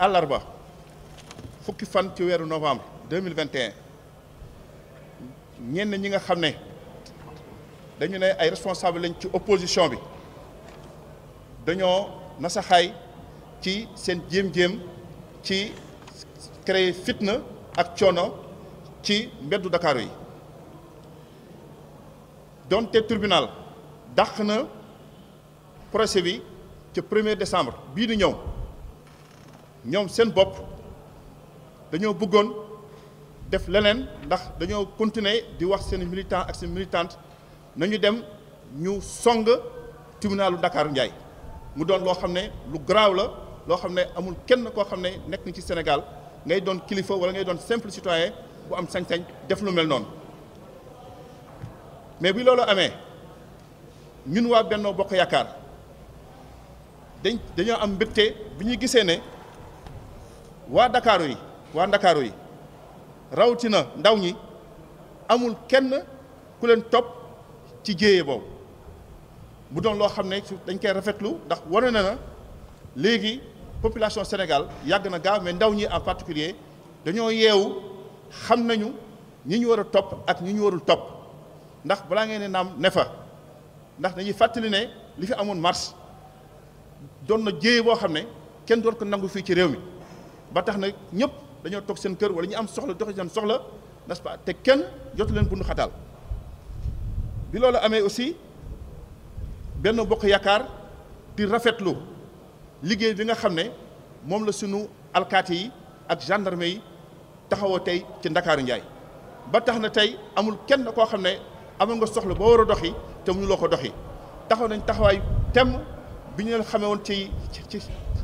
à fukki fan novembre 2021, ñen Nous, ñi nga xamné dañu né ay responsable lañ ci opposition bi dañoo xay ci ci créer fitna ak ci Dakar yi tribunal nous na procès bi 1er décembre ñoom seen bopp dañoo bëggoon def leneen ndax dañoo continuer di wax seen militant ak seen militante nañu dem ñu song tribunalu Dakar Njaay mu doon loo xam ne lu la loo ci Sénégal ngay doon kilifa wala ngay doon simple citoyen bu am sañ-sañ def lu mel mais bi loolu amee ñun Bokk waa Ndakaaru yi waa Ndakaaru yi rawatina ndaw ñi amul kenn ku leen topp ci jéeye boobu bu doon loo xam ne su dañ koy rafetlu ndax wane na na léegi population Sénégal yàgg na gaaw mais ndaw ñi en particulier dañoo yeewu xam nañu ñi ñu war a topp ak ñi ñu warul topp ndax balaa ngeen ne naam ne fa ndax dañuy fàttali ne li fi amoon mars doon na jéeye boo xam ne kenn doon ko nangu fii ci réew mi ba tax na ñëpp dañoo toog seen kër walla ñu am soxla doxe seen soxla n'est-ce te kenn jotu leen bundu xataal bi loolu amee aussi benn bokk yaakaar di rafetlu liggéey bi nga xam ne moom la sunu alkaati yi ak gendarme yi taxawoo tey ci ndakaaru njaay ba tax na tey amul kenn koo xam ne amul nga soxla boo war a doxi te mënuloo ko doxi taxaw nañ taxawaay temm bi ñu leen xamee woon ci ci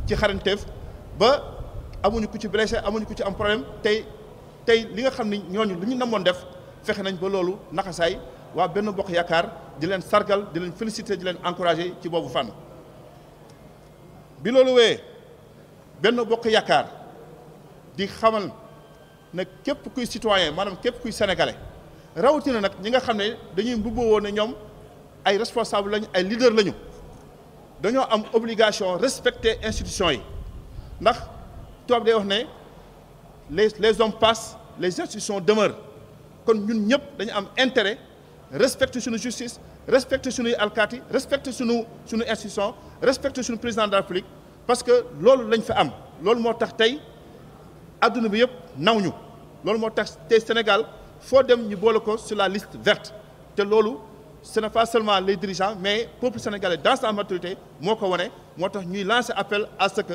ci xaranteef ba amuñu ku ci blessé amuñu ku ci am problème tey tey li nga xam ni ñooñu lu ñu namoon def fexe nañ ba loolu naxasaay waa benn bokk yaakaar di leen sargal di leen féliciter di leen encourager ci boobu fànn bi loolu wéyee benn bokk yaakaar di xamal na képp kuy citoyen maanaam képp kuy sénégalais rawatina nag ñi nga xam ne dañuy mbubboo woon ne ñoom ay responsable lañu ay leader lañu dañoo am obligation respecter institution yi les hommes passent les institutions demeurent Nous nous avons un intérêt respecter notre justice respecter khati alkaati respecter nos institutions, institution respecter le président de la parce que fait. lañ fa am loolu fait tax tey nous bi yëpp naw ñu Sénégal faut dem nous nous sur la liste verte ce n'est pas seulement les dirigeants mais peuple sénégalais dans sa maturité nous je wane l'appel appel à ce que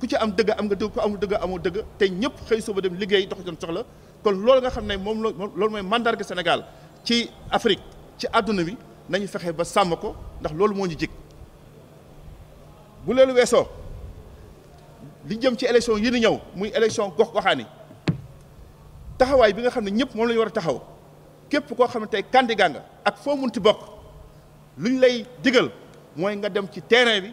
ku ci am dëgg am nga dëgg ku amul dëgg amoo dëgg te ñëpp xëy suba dem liggéey dox seen soxla kon loolu nga xam ne moom loolu mooy mandarga Sénégal ci Afrique ci àdduna bi nañu fexe ba sàmm ko ndax loolu moo ñu jig bu loolu weesoo li jëm ci élection yi nu ñëw muy élection gox goxaan taxawaay bi nga xam ne ñëpp moom la ñu war a taxaw képp koo xam ne tey candidat nga ak foo munti bokk luñ lay digal mooy nga dem ci terrain bi